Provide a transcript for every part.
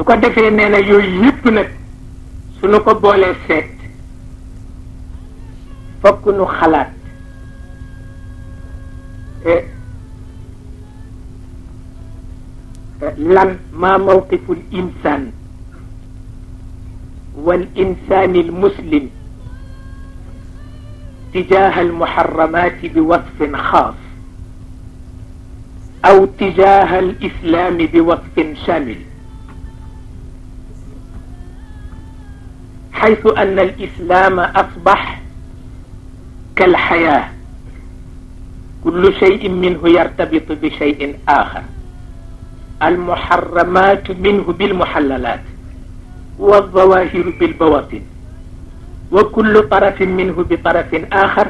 su ko defee nee na yooyu yëpp nag suñu ko boole seet fokk nu xalaat eh, lan maa mawqiful insaan wal insaanil muslim tijaaha almuharramaati bi wasfin xaas aw tijaaha alislaami bi wasfin shamil حيث أن الإسلام أصبح كالحياة كل شيء منه يرتبط بشيء آخر المحرمات منه بالمحللات والظواهر بالبواطن وكل طرف منه بطرف آخر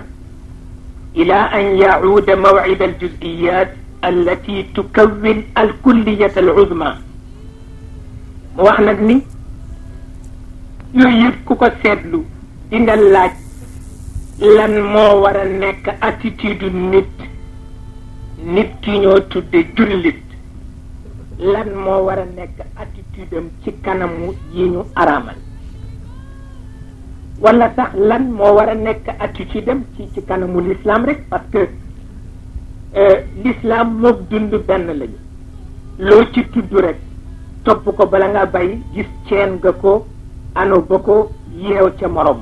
إلى أن يعود موعد الجزئيات التي تكون الكلية العظمى وإحنا yooyu yëpp ku ko seetlu dinga laaj lan moo war a nekk attitude nit nit ki ñoo tudde jullit lan moo war a nekk attitude am ci kanamu yi ñu araamal wala sax lan moo war a nekk attitude am ci ci kanamu l'islam rek parce que euh, lislaam moog dund benn lañu loo ci tudd rek topp ko bala nga bay gis ceen nga ko anu ba ko yeew ca morom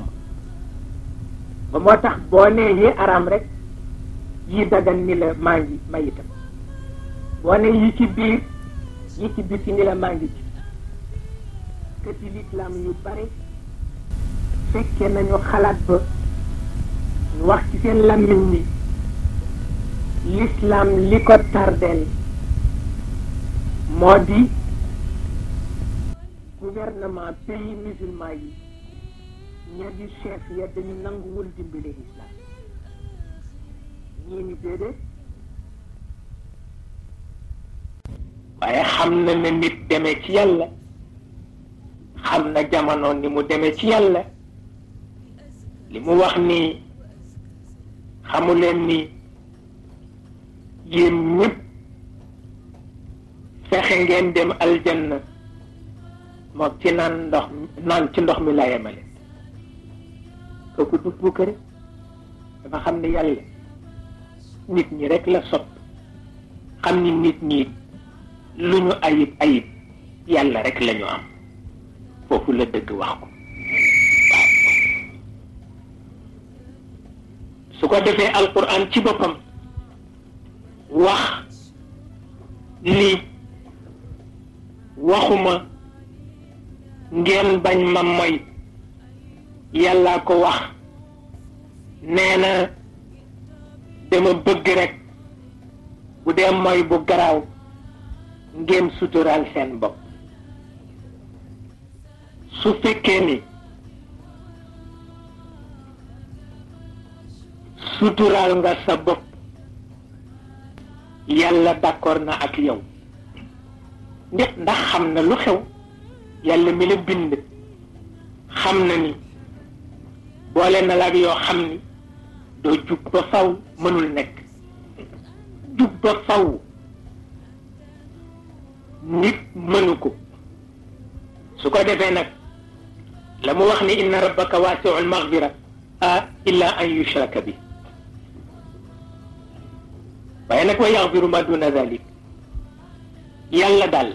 ba moo tax boo nee yi araam rek yi dagan ni la maa ngi may itam boo ne yi ci biir yi ci biti ni la maa ngi ci këti lislaam yu bare fekkee nañu xalaat ba ñu wax ci seen làmmiñ ni lislaam li ko tardeel moo di gouvernement pays musulman yi ña di chef ya dañu nanguwul dimbale islam ñii ni waaye xam na ne nit demee ci yàlla xam na jamono ni mu demee ci yàlla li mu wax nii xamuleen ni yéen ñëpp fexe ngeen dem aljanna moom ci naan ndox naan ci ndox mi la yemale kooku du puukare dafa xam ne yàlla nit ñi rekk la sopp xam ni nit ñi lu ñu ayib ayib yàlla rek la ñu am foofu la dëgg wax ko su ko defee alquran ci boppam wax lii waxuma ngeen bañ ma moy yàllaa ko wax nee na dama bëgg rekk bu dee moy bu garaaw ngeen suturaal seen bopp su fekkee ni suturaal nga sa bopp yàlla d'accord na ak yow ndax xam na lu xew yàlla mi la bind xam na ni boole na laag yoo xam ni doo jub ba faw mënul nekk jub ba faw nit mënu ko su ko defee nag la mu wax ni inna rabbaka waasiul maghfira a illa an yushraka bi waaye nag wa yaxfiru ma duna dalik yàlla daal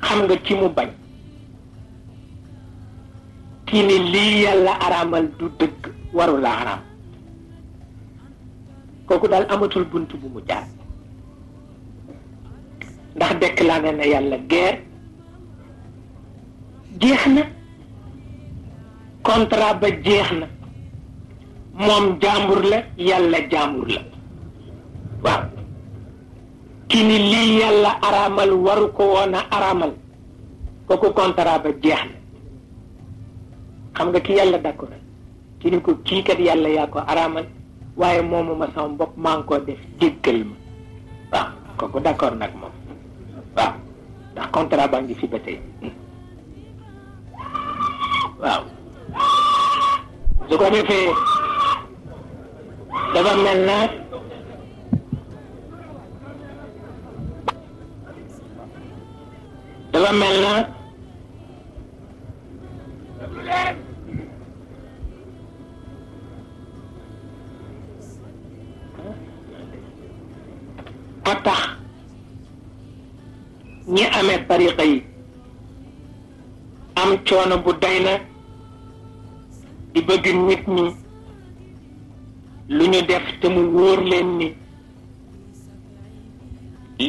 xam nga ki mu bañ kii ni lii yàlla araamal du dëgg waru araam kooku daal amatul bunt bu mu jaar ndax déclaré na yàlla guerre jeex na contrat ba jeex na moom jàmbur la yàlla jaambur la waaw ki ni lii yàlla araamal waru ko woon a araamal kooku contrat ba jeex na xam nga ki yàlla d'accord ci ni ko kii kat yàlla yaa ko araamal waaye moomu ma bopp maa ngi def jéggal ma waaw kooku d'accord nag moom waaw ndax contrat baa ngi fi waaw su ko defee dafa mel na dafa mel na leen ñi amee tariqa yi am coono bu day na di bëgg nit ñi lu ñu def te mu wóor leen ni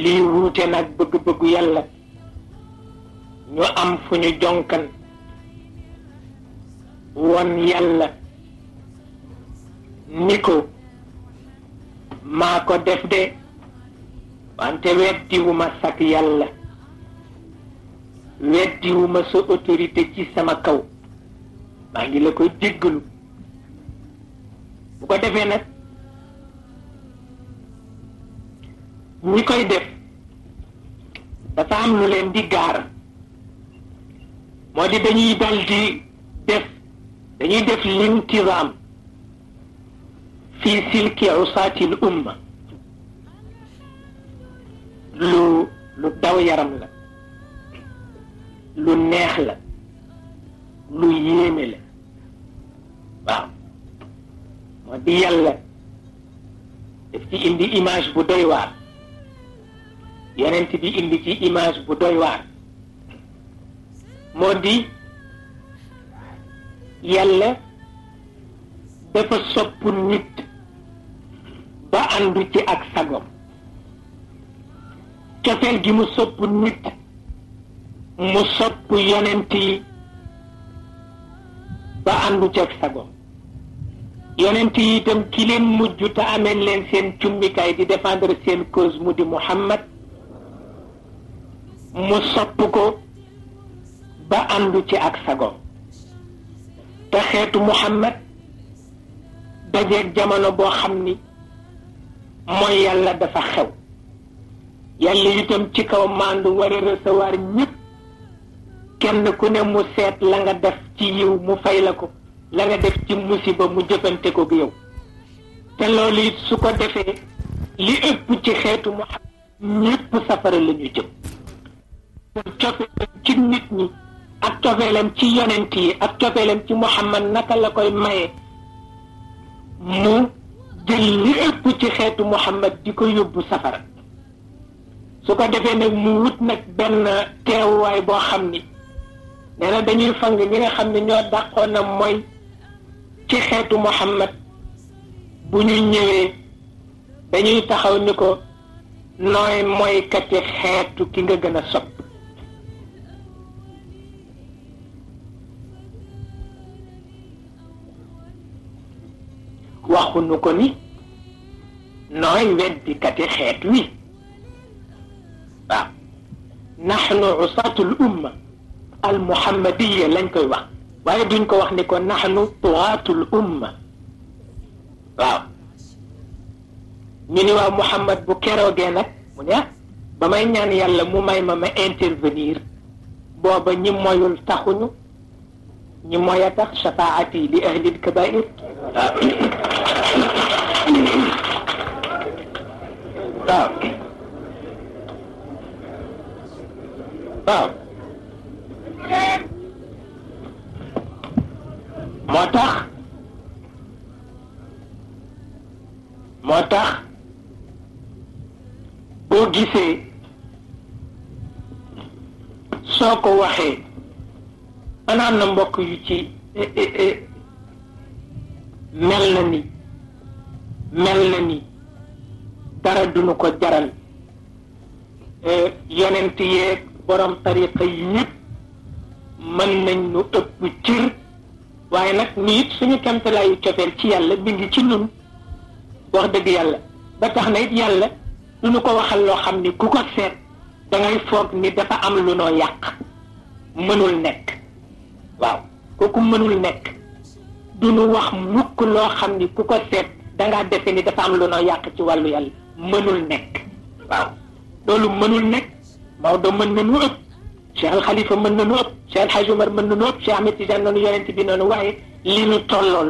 lii wuute nag bëgg-bëggu yàlla ñu am fu ñu jonkan won yàlla ni ko maa ko def de wante weddiwuma sak yàlla weddiwuma sa autorité ci sama kaw maa ngi la koy jéggalu bu ko defee nag ñi koy def dafa am lu leen di gaar moo di dañuy dal di def dañuy def lintizaam fii silki usaatil umma lu lu daw yaram la lu neex la lu yéeme la waaw moo di yàlla daf ci indi image bu doy waar yonent bi indi ci image bu doy waar moo di yàlla dafa sopp nit ba àndu ci ak sagom cofeel gi mu sopp nit mu sopp yonent yi ba àndu ci ak sagom yonent yi itam ki leen mujj te ameen leen seen cummikaay di défendre seen cause mu di Muhammad mu sopp ko ba àndu ci ak sagom te xeetu Muhammad dajeeg jamono boo xam ni mooy yàlla dafa xew yàlla itam ci kaw màndu war a recevoir ñëpp kenn ku ne mu seet la nga def ci yiw mu fay la ko la nga def ci musiba mu jëfante kook yow te loolu it su ko defee li ëpp ci xeetu Muhammad ñëpp safara la ñu jëm ci nit ñi ak cofeelam ci yonent yi ak cofeelam ci Muhammad naka la koy maye mu jël li ëpp ci xeetu Muhammad di ko yóbbu safara su ko defee nag mu wut nag benn teewuwaay boo xam ni nee na dañuy fang ñi nga xam ne ñoo dàqoon na mooy ci xeetu Muhammad bu ñu ñëwee dañuy taxaw ni ko nooy mooy kati xeetu ki nga gën a sopp waxuñu ko ni nooy weddikati xeet wi waaw naxnu usatul umma al muhammadiya lañ koy wax waaye duñ ko wax ni ko naxnu tuwaatul umma waaw ñu ni waaw muhammad bu keroogee nag mu ba may ñaan yàlla mu may ma ma intervenir booba ñi moyul taxuñu ñu mooy a tax li ahlil kabair waaw waaw moo tax moo tax boo gisee soo ko waxee ana na mbokk yu ci eh, eh, eh, mel na ni mel na ni dara duñu ko jaral yonent yeeg borom tariqa yi ñëpp mën nañ nu ëpp cër waaye nag ni it suñu kemtalaayu cofeel ci yàlla bi ngi ci ñun wax dëgg yàlla ba tax na it yàlla lu nu ko waxal loo xam ni ku ko seet da foog ni dafa am lu noo yàq mënul nekk waaw kooku mënul nekk du nu wax mukk loo xam ni ku ko seet dangaa defe ni dafa am lu noo yàq ci wàllu yàlla mënul nekk waaw loolu mënul nekk Maodo mën na nu ëpp Cheikh Al mën na nu ëpp Cheikh El Hadj Omar mën na nu ëpp Cheikh Ahmed Tidiane noonu yonent bi noonu waaye li nu tollool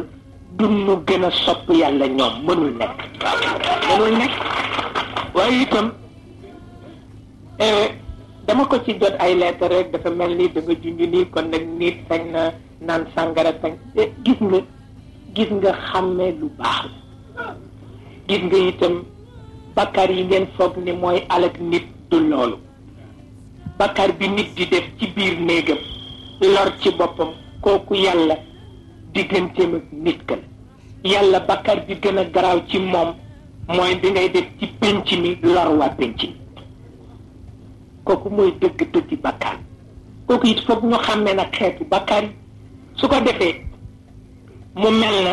du nu gën a sopp yàlla ñoom mënul nekk mënul nekk waaye itam eh, dama ko ci jot ay lettre rek dafa mel ni dafa junj nii kon nag nit sañ na naan sàngara sañ eh, gis nga gis nga xàmmee lu baax gis nga itam bakkaar yi ngeen foog ni mooy alak nit du loolu bakkaar bi nit di def ci biir néegam lor ci boppam kooku yàlla digganteem ak nit kan yàlla bakkaar bi gën a garaaw ci moom mooy bi ngay def ci pénc mi lor waa mi kooku mooy dëgg-dëgg bàkkaar kooku it foog ñu xàmmee nag xeetu bàkkaar yi su ko defee mu mel na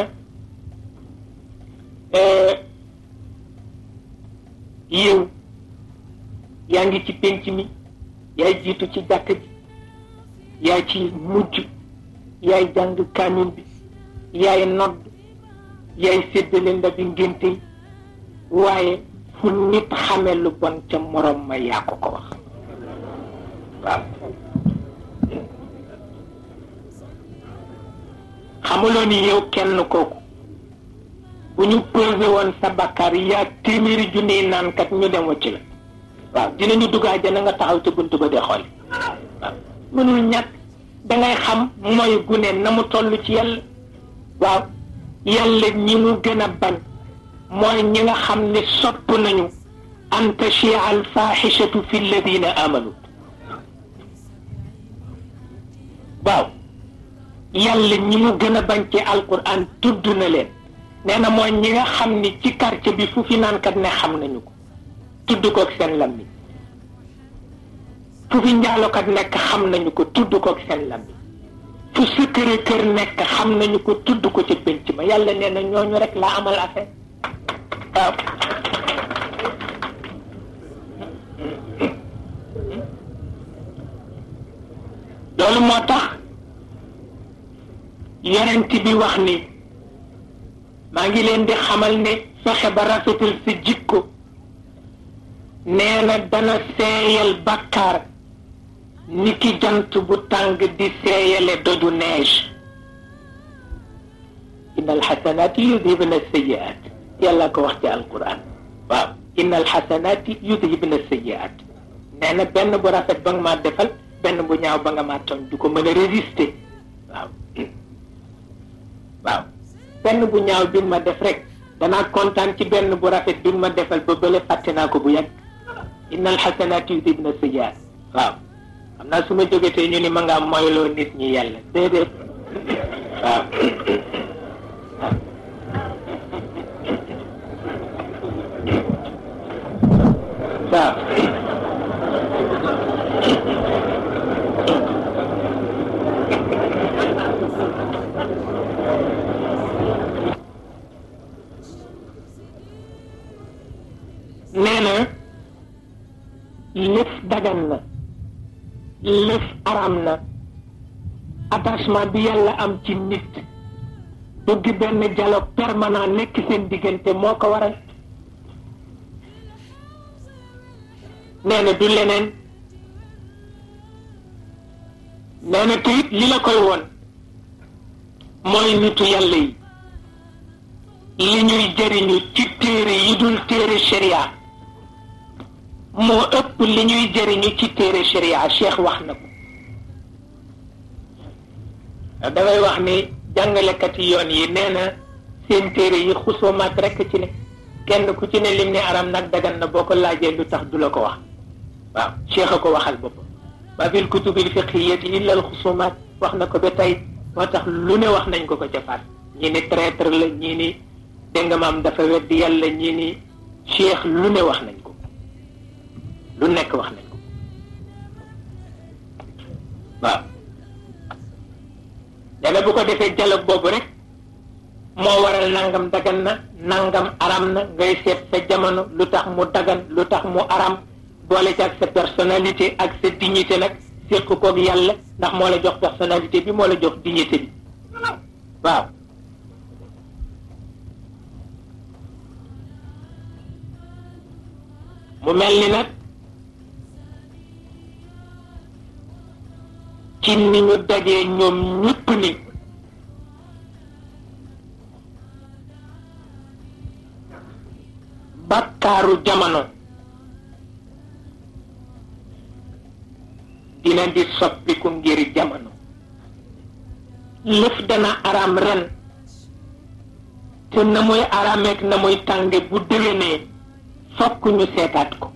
euh, yow yaa ngi ci penc mi yaay jiitu ci jàkk ji yaay ci mujj yaay jàng kaamil bi yaay nodd yaay séddale ndabi ngénte waaye fu nit xamee lu bon ca morom ma yaa ko ko wax waaw xamuloo ni yow kenn kooku bu ñu posé woon sa bakkaar yaa téeméeri junniy naan kat ñu dem wacc la waaw ñu dugg àjjana nga taxaw ci bunt ba di xool waaw mënul ñàkk dangay xam mooy gune na mu toll ci yàlla waaw yàlla ñi mu gën a ban mooy ñi nga xam ne sopp nañu an tachia al faaxishatu fi alladina amanu waaw yàlla ñi mu gën a bañ ci alquran tudd na leen nee na mooy ñi nga xam ni ci quartier bi fu fi naankat ne xam nañu ko tudd kook seen lammi fu fi njaalokat nekk xam nañu ko tudd kook seen lammi fu sëkkëre kër nekk xam nañu ko tudd ko ca pénc ma yàlla nee na ñooñu rek laa amal affaire loolu moo tax yonent bi wax ni maa ngi leen di xamal ne fexe ba rafetal sa jikko nee na dana seeyal bàkkaar ni ki jant bu tàng di seeyale doju neige inna alxasanaati yudhibna sayiat yàlla ko wax ci alquran waaw inna alxasanaati yudhibna sayiat nee na benn bu rafet ba nga ma defal benn bu ñaaw ba nga ma tooñ du ko mën a résister waaw waaw benn bu ñaaw bi ma def rek danaa kontaan ci benn bu rafet bi ma defal ba bële fàtte naa ko bu yàgg innal xasanaat yuzhibna sayyi'aat waaw xam naa su ma jógetee ñu ni ma ngaa moyloo nit ñi yàlla déedéet waaw waaw nee na lëf dagan na lëf araam na attachement bi yàlla am ci nit bëgg benn dialogue permanent nekk seen diggante moo ko waral nee na du leneen nee na li la koy woon mooy nitu yàlla yi li ñuy jëriñu ci téere yi dul téere sharia moo ëpp li ñuy jëriñu ci téere sharia cheikh wax na ko dafay wax ni jàngalekat yi yoon yi nee na seen téere yi xusumaat rekk ci ne kenn ku ci ne lim ne aram nag dagan na boo ko laajee lu tax du la ko wax waaw cheikh a ko waxal boppam wa fil kutubil fiqhiyati illa al xusumaat wax na ko ba tey moo tax lu ne wax nañ ko ko ca faat ñii ni traître la ñii ni dégg nga maam dafa weddi yàlla ñi ni cheikh lu ne wax nañ lu nekk wax nañ ko waaw dana bu ko defee dialogue boobu rek moo waral nangam dagan na nangam aram na ngay seet sa jamono lu tax mu dagan lu tax mu aram boole ci ak sa personnalité ak sa dignité nag séq koog yàlla ndax moo la jox personnalité bi moo la jox dignité bi waaw mu mel ni nag ci ni ñu dajee ñoom ñëpp ni bàkkaaru jamono dina di soppiku ngir jamono lëf dana araam ren te na muy araameek na muy tànge bu déwénee fokk seetaat ko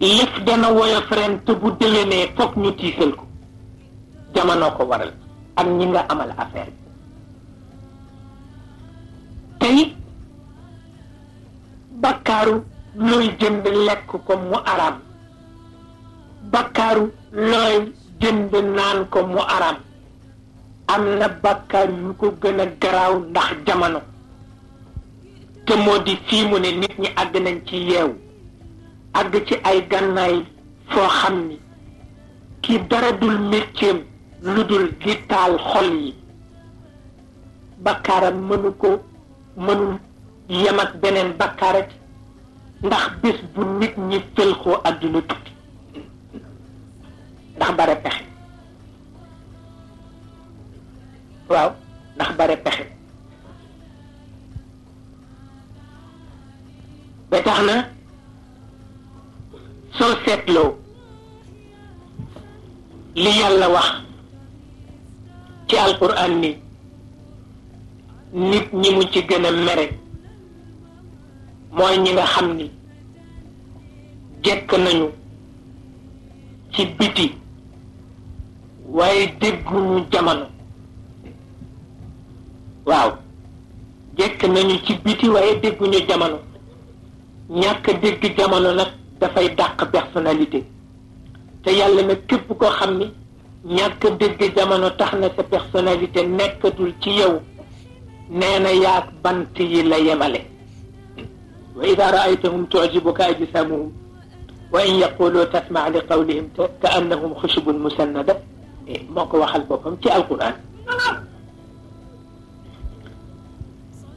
yëf dana woyof ren te bu déwénee foog ñu tiisal ko jamono ko waral ak ñi nga amal affaire bi tey bakkaaru looy jënd lekk ko mu araam bakkaaru looy jënd naan ko mu araam am na bakkaar yu ko gën a garaaw ndax jamono te moo di fii mu ne nit ñi àgg nañ ci yeewu àgg ci ay gànnaay foo xam ni kii dara dul mécceem lu dul di taal xol yi bakkaaram mënu ko mënul yem beneen bakkaar rek ndax bés bu nit ñi fëlxoo àdduna tukki ndax bare pexe waaw ndax bare pexe ba tax na soo seetloo li yàlla wax ci alquran ni nit ñi mu ci gën a mere mooy ñi nga xam ni jekk nañu ci biti waaye dégguñu jamono waaw jekk nañu ci biti waaye dégguñu jamono ñàkk dégg jamono nag dafay dàq personnalité te yàlla nag képp koo xam ni ñàkk dégg jamono tax na sa personnalité nekkatul ci yow nee na yaag bant yi la yemale wa ida raaytahum tujibuka ajsamuhum wa in yaqulu tasmaa li qawlihim ka annahum xushubun musannada e, moo ko waxal boppam ci alquran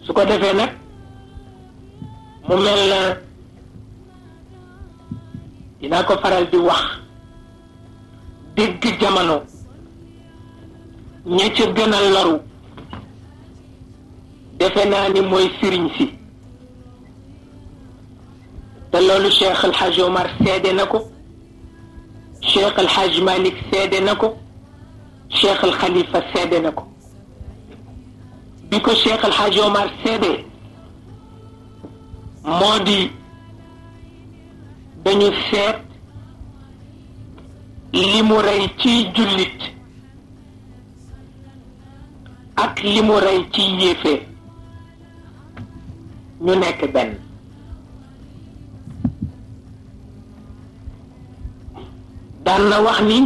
su ko defee nag mu dinaa ko faral di wax dégg jamono ña ca gën a laru defe naa ni mooy sëriñ si te loolu Cheikh El Hadj Omar seede na ko Cheikh El Hadj Malick na ko Cheikh El Khalifa na ko bi ko Cheikh El Hadj Omar seede moo di dañu seet li mu rey ci jullit ak li mu rey ci yéefee ñu nekk benn daan na wax ni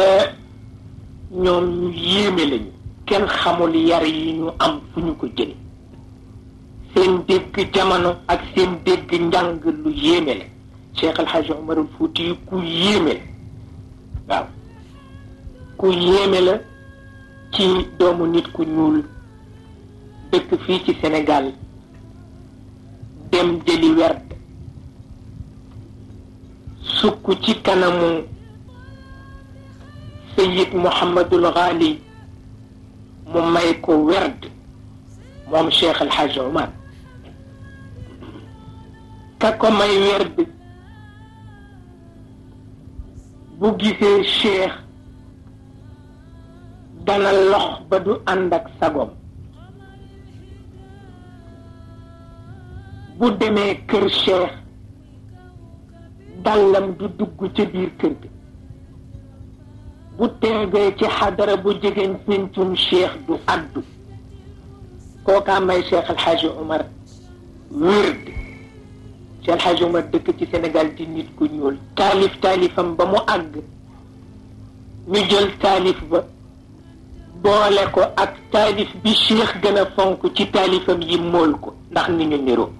euh, ñoom ñu yéeme lañu kenn xamul yar yi ñu am fu ñu ko jële seen dégg jamono ak seen dégg njàng lu yéeme la Cheikh El Hadj Omarul Fouti ku yéeme la waaw ku yéeme la ci doomu nit ku ñuul dëkk fii ci Sénégal dem jëli werd sukk ci kanamu Sayid Mouhamadul Ghali mu may ko werd moom Cheikh El Hadj ka ko may werd bu gisee cheikh dana lox ba du ànd ak sagom bu demee kër cheikh dàllam du dugg ca biir kër gi bu teegee ci xadara bu jegeen pencum cheikh du addu kookaa may cheikh alxaaji omar werd Cheikh El dëkk ci Sénégal di nit ku ñuul taalif taalifam ba mu àgg ñu jël taalif ba boole ko ak taalif bi Cheikh gën a fonk ci taalifam yi mool ko ndax ni ñu niroo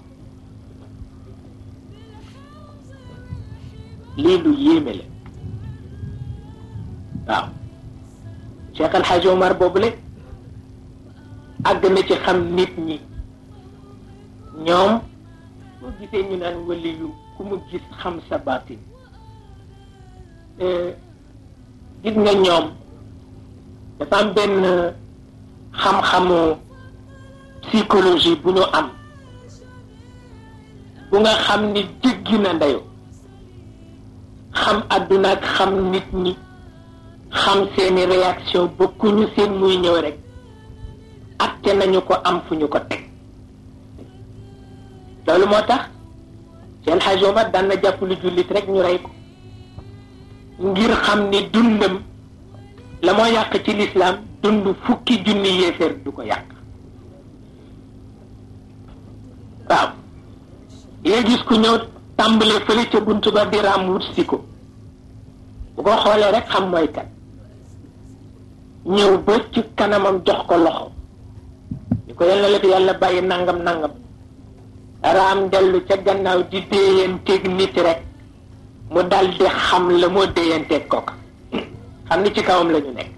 lii lu yéeme la waaw Cheikh El Hadj Omar àgg na ci xam nit ñi ñoom boo gisee ñu naan wëli yu ku mu gis xam sa baatin eh, gis nga ñoom dafa am benn xam-xamu psychologie bu ñu am bu nga xam ni jéggi na ndeyo xam àdduna ak xam nit ñi xam seeni réaction bokkuñu seen muy ñëw rek atte nañu ko am fu ñu ko teg loolu moo tax seen Xaj Omar daan na jàpp lu jullit rek ñu rey ko ngir xam ni dundam la moo yàq ci lislaam dund fukki junni yéeféer du ko yàq waaw yéen gis ku ñëw tàmbale fële ca buntu ba di raam wut ko bu ko xoolee rek xam mooy kat ñëw ba ci kanamam jox ko loxo ñu ko yal la fi yàlla bàyyi nangam nangam raam dellu ca gannaaw di déyanteeg nit rek mu dal xam la moo déyanteeg kooka xam ni ci kawam la nekk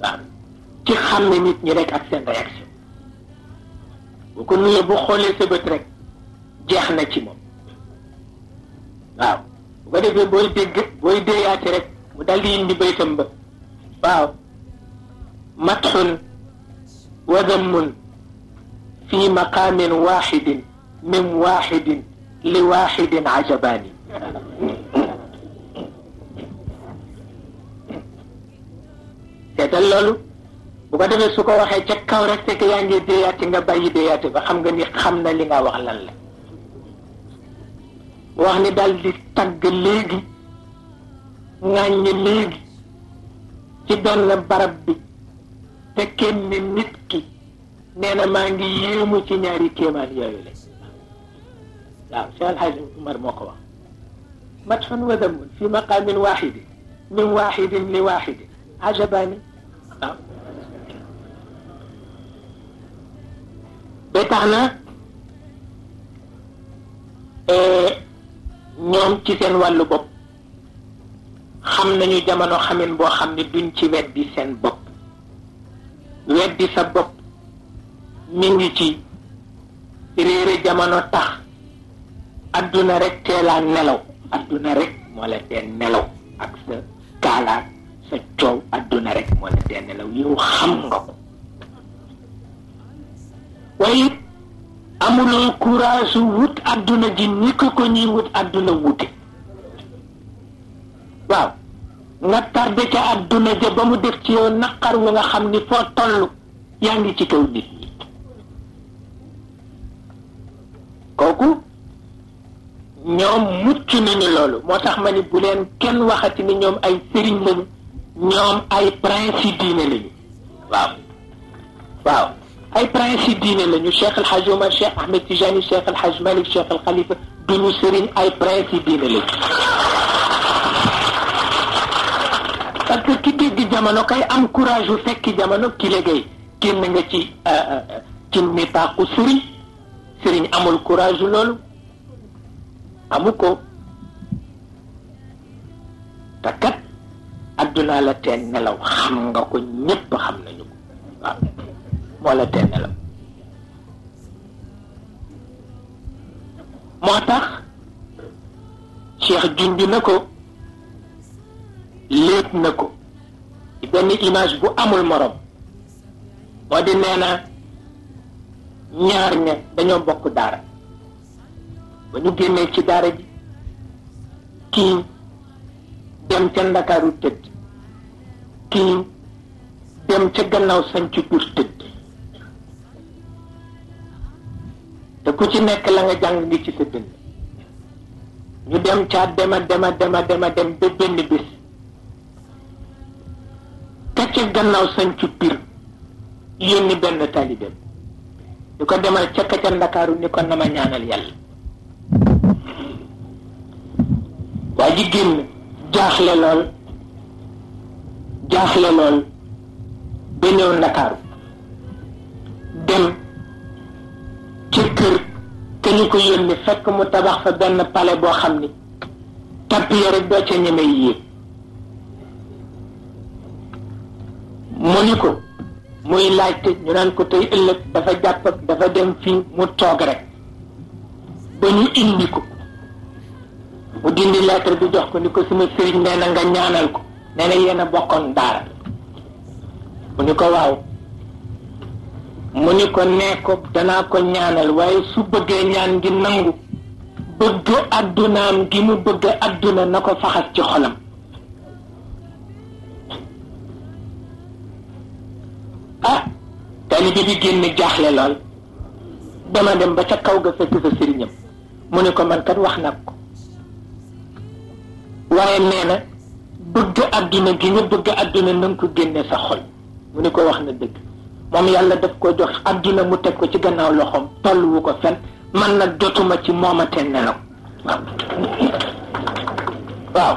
waaw ci xam ne nit ñi rek ak seen réaction bu ko nuyee bu xoolee sa bët rek jeex na ci moom waaw bu ko defee booy dégg booy déyaate rek mu dal indi baytam ba waaw matxun wa dammun fi maqaamin waaxidin min waaxidin li waaxidin ajabaani seetal loolu bu ko defee su ko waxee ca kaw rek fekk yaa ngi déyaati nga bàyyi déyaati ba xam nga ni xam na li nga wax lan la wax ni daal di tagg léegi ŋàññi léegi ci benn barab bi te kenn nit ki nee na maa ngi yéemu ci ñaari kéemaan yooyu la waaw Cheikh El Hadj Umar moo ko wax matxun wa damun fi maqaamin waaxidi min waaxidin li waaxidi ajabaani waaw ba tax na eh, ñoom ci seen wàllu bopp xam nañu jamono xam boo xam ne duñ ci weddi seen bopp weddi sa bopp mi ngi ci réere jamono tax àdduna rek teelaa nelaw adduna rek moo la tee nelaw ak sa kaalaat sa coow adduna rek moo la tee nelaw yow xam nga ko waaye amuloo courage wut àdduna ji ni ko ko ñuy wut adduna wute waaw nga tardé ca adduna ja ba mu def ci yow naqar wu nga xam ni foo tollu yaa ngi ci kaw nit kooku ñoom mucc nañu loolu moo tax ma ni bu leen kenn waxati ni ñoom ay sëriñ lañu ñoom ay prince yi diine lañu waaw ay prince yi diine lañu Cheikh El Hadj Omar Cheikh Ahmed Tijani Cheikh El Hadj Malick Cheikh El Khalifa sëriñ ay prince yi diine lañu parce que ki dégg jamono kay am courage wu fekki jamono ki liggéey génn nga ci ci euh, euh, euh, sëriñ sëriñ amul courage loolu amu ko te kat addunaa la teen nelaw xam nga ko ñépp xam nañu ko waaw moo la teen nelaw moo tax Cheikh junj na ko léeb na ko benn image bu amul morom moo di nee ñaar ne dañoo bokk daara ba ñu génnee ci daara ji kii dem ca ndakaaru tëdd kii dem ca gannaaw sañ ci tëdd te ku ci nekk la nga jàng ngi ci sa dënn ñu dem caa dema dema dema dema dem ba benn bis ka ca gannaaw sañ ci pir yónni benn taalibeem ñu ko demal ca kacal ndakaaru ni ko na ma ñaanal yàlla waa ji génn jaaxle lool jaaxle lool ba ñëw ndakaaru dem ci kër te ñu ko yónni fekk mu tabax fa benn pale boo xam ni tappiye rek doo ca ñeme yéeg mu ni ko muy laajte ñu naan ko tey ëllëg dafa jàpp dafa dem fii mu toog rek ba indi ko mu dindi lettre bi jox ko ni ko suma sëriñ nee na nga ñaanal ko nee na yéen a bokkoon daara mu ni ko waaw mu ni ko nee ko danaa ko ñaanal waaye su bëggee ñaan gi nangu bëgg addunaam gi mu bëgg adduna na ko faxas ci xolam ah taalibe bi génn jaaxle lool dama dem ba ca kaw ga fekk fa sëriñam mu ne ko man wax nag ko waaye nee na bëgg àdduna gi nga bëgg àdduna na nga ko génne sa xol mu ne ko wax na dëgg moom yàlla daf ko jox àdduna mu teg ko ci gannaaw loxoom tolluwu ko fen man nag jotuma ci mooma te nelaw waaw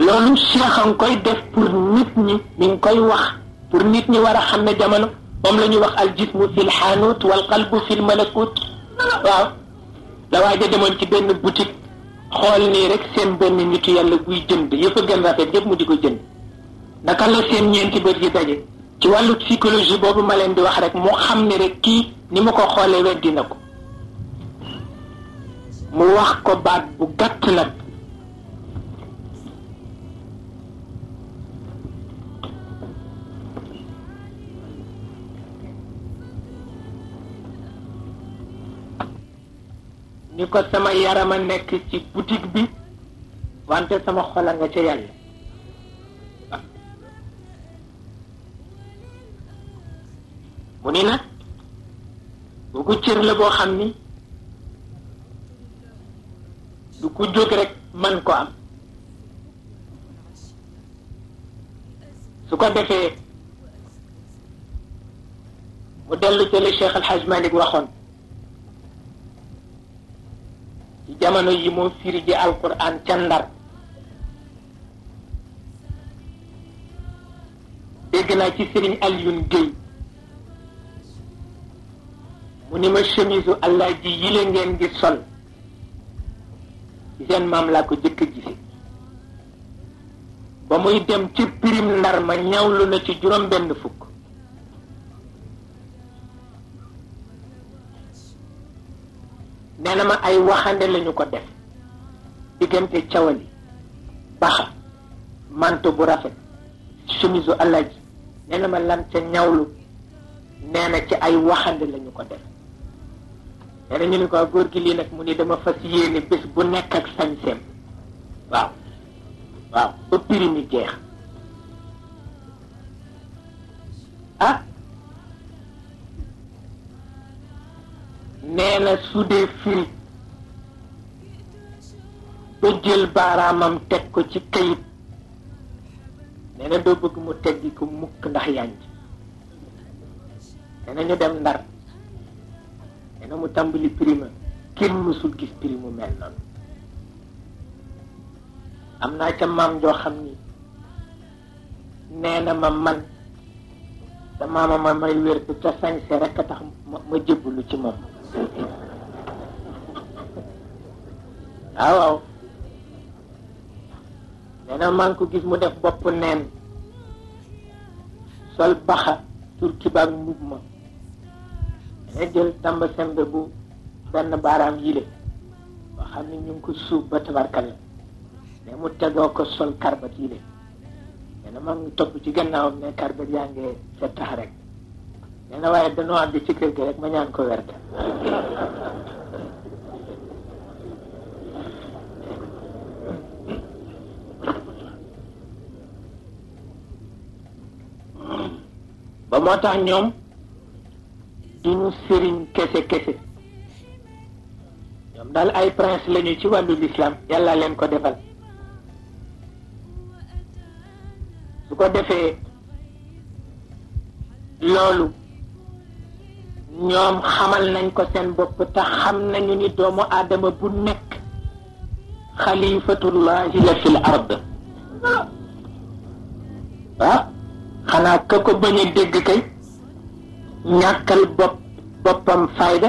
loolu cheikh a ngi koy def pour nit ñi mi ngi koy wax pour nit ñi war a xam ne jamono moom la ñuy wax al jismu fil xaanut wal qalbu fil malakut waaw la waaja demoon ci benn boutique xool nii rek seen benn nitu yàlla guy jënd yëpp a gën rafet yëpp mu di ko jënd naka la seen ñeenti bët yi daje ci wàllu psychologie boobu ma leen di wax rek moo xam ne rek kii ni ma ko xoolee weddi na ko mu wax ko baat bu gàtt nag ni ko sama yaram a nekk ci boutique bi wante sama xol a nga ca yàlla mu ni nag bu ko cër la boo xam ni du ko jóg rekk man ko am su ko defee mu dellu ca li Cheikh Al Hadj Malick waxoon jamono yi moo firi ji alquran ca ndar dégg naa ci sëriñ Alioune Guèye mu ni ma chemise allah ji yile ngeen di sol ci seen maam laa ko jëkk gise ba muy dem ci pirim ndar ma ñawlu na ci juróom benn fukk nee ma ay waxande lañu ko def diggante cawali baxa mante bu rafet chemise alaji nee na ma lan ca ñawlu nee na ci ay waxande lañu ko def nee na ñu ni ko góor gi lii nag mu ni dama fas yéene bés bu nekk ak sañseem waaw waaw ba prix mi jeex ah nee na su dee firi ba jël baaraamam teg ko ci kayit nee na doo bëgg mu teggi ko mukk ndax yànj nee na ñu dem ndar nee na mu tàmbali prima kenn mësul gis prima mel noonu am naa ca maam joo xam ni nee na ma man te maama ma may wér te ca sañse rek a tax ma jëbbalu ci moom waaw waaw nee na maa ngi ko gis mu def bopp neen sol baxa tur kibaag mbubb ma dana jël tàmb sembe bu benn baaraam yile ba xam ne ñu ngi ko suub ba tabarkal la ne mu tegoo ko sol karbat yile nee na maa ngi topp ci gannaawam ne karbat yaa ngi settax rek nee waaye danoo àgg ci kër gi rek ma ñaan ko werd ba moo tax ñoom du ñu sëriñ kese kese ñoom daal ay prince lañu ci wàllu lislaam yàlla leen ko defal su ko defee loolu ñoom xamal nañ ko seen bopp te xam nañu ni doomu aadama bu nekk xalifatullahi la fil ard ah xanaa ka ko bañ a dégg kay ñàkkal bopp boppam fayda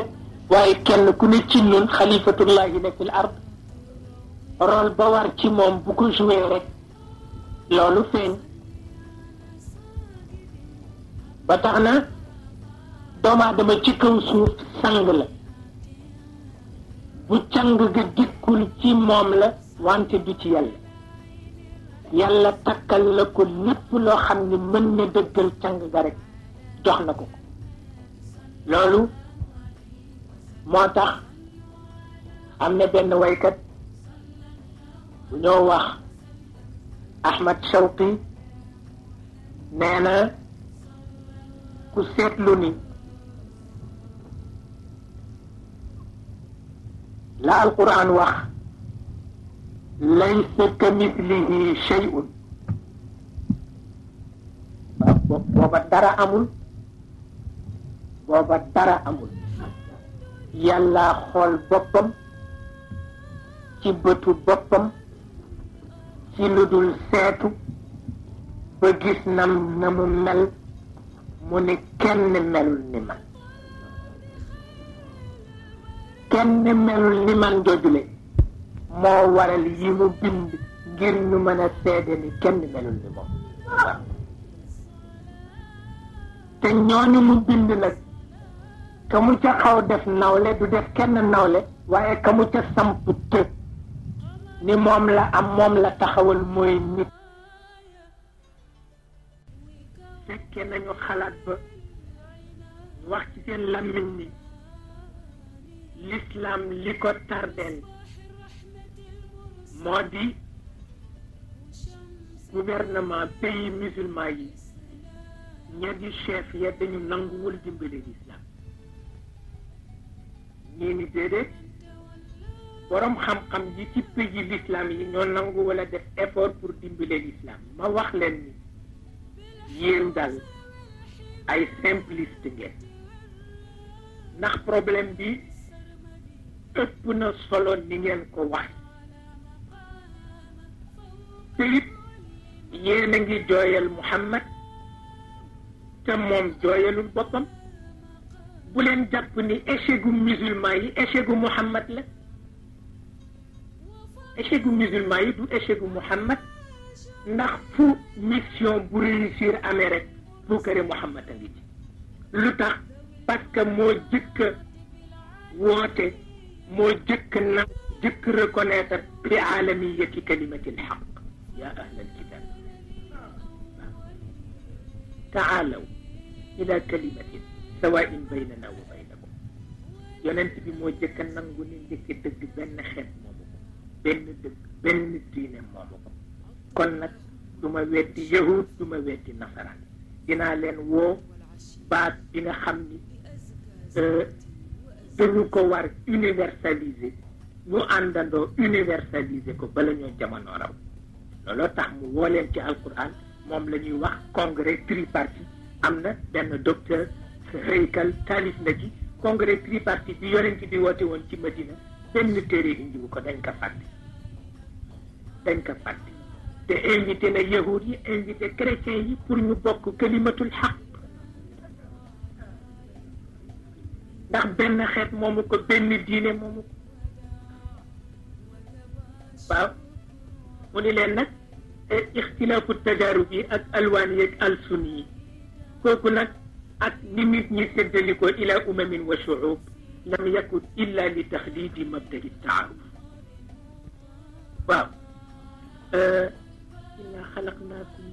waaye kenn ku ne ci ñun xalifatullahi la fil ard rôle ba war loolu feeñ ba tax na doomu aadama ci kaw suuf sang la bu cang ga dikkul ci moom la wante du ci yàlla yàlla takkal la ko lépp loo xam ne mën na dëggal cang ga rek jox na ko ko loolu moo tax am na benn waykat bu ñoo wax Ahmad Shawqi nee na ku seetlu ni la alquran wax laysa ka mislihi shay'un waaw booba dara amul booba dara amul yàllaa xool boppam ci boppam ci lu seetu ba gis nam na mel mu ne kenn melul ni man kenn melul ni man joojule moo waral yi mu bind ngir ñu mën a seede kenn melul ni moom te ñooñu mu bind nag ka mu ca xaw def nawle du def kenn nawle waaye ka mu ca samp te ni moom la am moom la taxawal mooy nit fekke nañu xalaat ba wax ci seen làmmiñ ni l'islam li ko tardeel moo di gouvernement pays musulman yi ña di chef ya dañu nanguwul dimbali l'islam ñii ni déedéet borom xam-xam yi ci pays l'islam yi ñoo nangu wala def effort pour dimbali l'islam ma wax leen ni yéen dal ay simpliste ngeen ndax problème bi ëpp na solo ni ngeen ko wax te it yéen a ngi jooyal Muhammad te moom jooyalul boppam bu leen jàpp ni échec gu musulman yi échec gu Muhammad la échec gu musulman yi du échec gu Muhammad ndax fu mission bu réussir amee rek kër Muhammad a lu tax parce que moo jëkk woote moo jëkk na jëkk reconnaître bi alamiyati kalimati lxaq ya ahlal kitab taalaw ila kalimatin sawain baynana wa baynakum yonent bi moo jëkk a nangu ni njëkki dëgg benn xeet moomu benn dëgg benn diine moomu ko kon nag ma weddi yahud du ma weddi nasaraan dinaa leen woo baat bi xam ni euh, dañu ko war universaliser ñu àndandoo universaliser ko bala ñoo jamono raw looloo tax mu woo leen ci alquran moom la ñuy wax congrès tripartite am na benn docteur Haykal taalif na ci congrès tripartite bi yonent bi woote woon ci Madina benn téere indiwu ko dañ ko fàtte dañ ko fàtte te invité na yahud yi invité chrétiens yi pour ñu bokk kalimatul xaq ndax benn xeet moomu ko benn diine moom ko waaw mu ni leen na eh, ixtilaafu tajaarub yi ak alwaan yi ak alsun yi kooku nag ak ni nit ñi séddalikoo ila umamin wa shuub lam yakun illa li taxlidi mabdai taaruf waaw eh, inna xalaqnaakum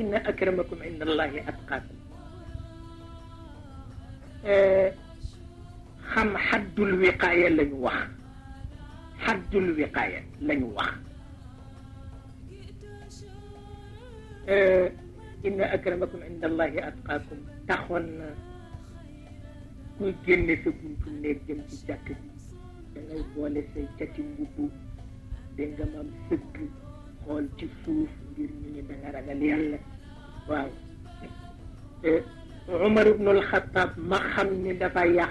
inna akramakum inda allahi atqaakum Eh, xam xaddul wiqaaya la ñu wax xaddul wiqaaya la ñu wax eh, inna akramakum inda allahi atqaakum taxoon na kuy génne sa buntu néeg jëm ci jàkk bi da ngay boole say cati mbubb dégg nga maam sëgg xool ci suuf ngir ñu ne da nga ragal yàlla waaw eh, Umar ibnul Xataab ma xam ni dafa yàq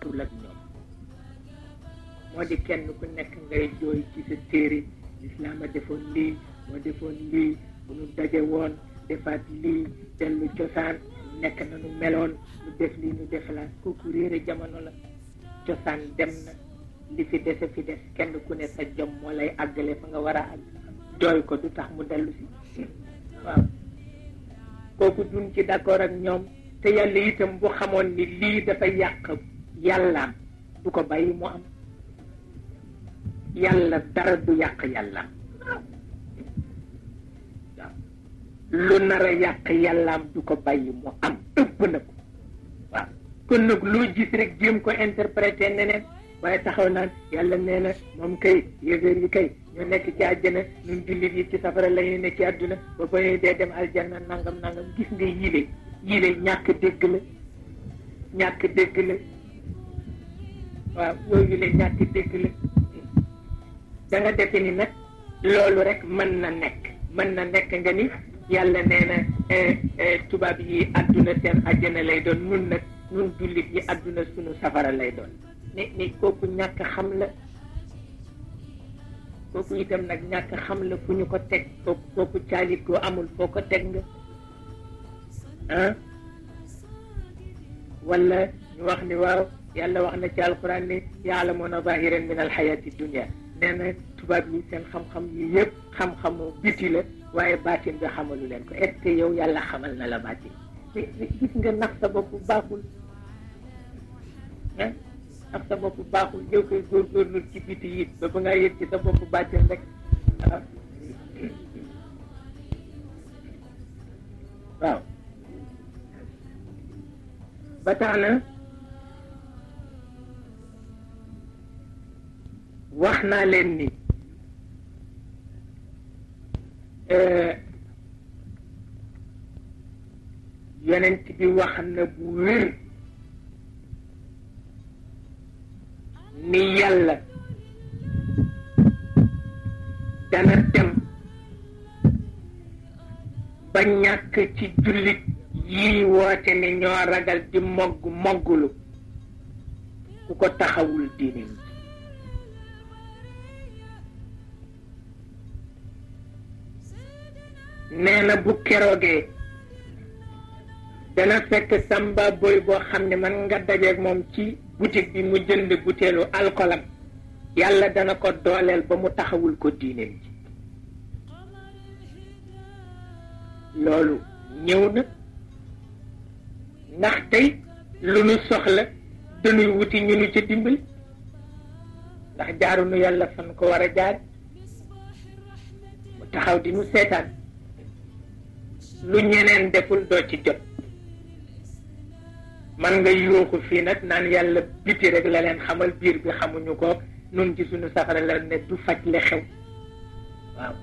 tul moo di kenn ku nekk ngay jooy ci sa téere lislaam a defoon lii moo defoon lii bu nu daje woon defaat lii dellu cosaan nekk na nu meloon nu def lii nu def la kooku réere jamono la cosaan dem na li fi dese fi des kenn ku ne sa jom moo lay àggale fa nga war a àgg jooy ko du tax mu dellu si waaw kooku duñ ci d'accord ak ñoom te yàlla itam bu xamoon ni lii dafa yàq yàllaam du ko bàyyi mu am yàlla dara du yàq yàllaam lu nar yàq yàllaam du ko bàyyi mu am ëpp na ko waaw kon nag loo gis rek jéem ko interpréter neneen waaye taxaw naan yàlla nee na moom kay yévéer yi kay ñu nekk ci àjjana ñun jullit yi ci safara la ñuy ci àdduna ba ba ñuy dee dem aljanna nangam nangam gis nga yile yile ñàkk dégg la ñàkk dégg la waaw yooyu la ñàkk dégg la da nga defe ni nag loolu rek mën na nekk mën na nekk nga ni yàlla nee eh, eh, tubaab yi àdduna seen àjjana lay doon nun nag nun jullit yi àdduna sunu safara lay doon ne ne kooku ñàkk xam la kooku itam nag ñàkk xam la fu ñu ko teg kooku kooku caalit koo amul foo ko teg nga ah ñu wax ni waaw yàlla wax na ci alquran ni yaalamuuna zahiran min alxayaati dunia nee tubaab yi seen xam-xam yi yëpp xam-xamu biti la waaye baatin bi xamalu leen ko est ce yow yàlla xamal na la baatin gis nga nax sa bopp baaxul ah ndax sa baaxul ci sa bopp bàcceel rek waaw waaw wax naa leen ni euh, yonent bi wax na bu wér ni yàlla dana dem ba ñàkk ci jullit yi woote ne ñoo ragal di mogg moggulu ku ko taxawul diine nee na bu keroogee dana fekk samba boy boo xam ne man nga dajeeg moom ci boutique bi mu jënd butéelu alkolam yàlla dana ko dooleel ba mu taxawul ko diineem ji loolu ñëw na ndax tey lu nu soxla dañuy wuti ñu nu ca dimbali ndax jaaru nu yàlla fan ko war a jaar mu taxaw di seetaan lu ñeneen deful doo ci jot man nga yooxu fii nag naan yàlla biti rek la leen xamal biir bi xamuñu ko noonu ci suñu safara la ne du faj li xew waaw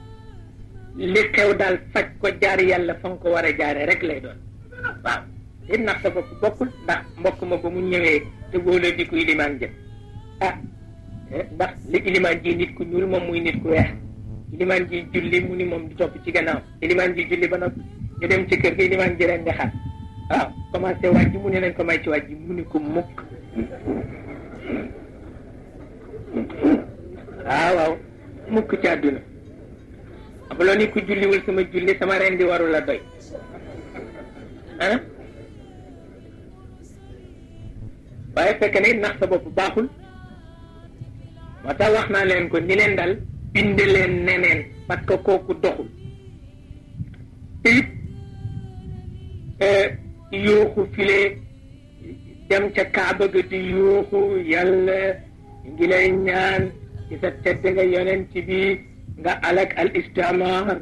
li xew daal faj ko jaar yàlla fa nga ko war a jaare rek lay doon waaw di nax sa bopp bokkul ndax mbokk ma ba mu ñëwee te boola di ko ilimaan jëm ah eh, ndax li ilimaan ji nit ku ñuul moom muy nit ku weex ilimaan ji julli mu ni moom di topp ci gannaaw ilimaan ji julli ba nopp ñu dem ci kër gi ilimaan ji ren di xaar ah commencé wàjj mu ne nañ ko may ci wàjj mu ne ko mukk waaw ah, waaw mukk ci àdduna abaloo ni ku julliwul sama julli sama ren di waru la doy ah waaye fekk ne nax sa bopp baaxul moo tax wax naa leen ko ni leen dal bind leen neneen parce que kooku doxul te eh, yooxu file dem ca kaaba ga di yooxu yàlla ngi lay ñaan ci sa tedd nga yonent bi nga alak al istimar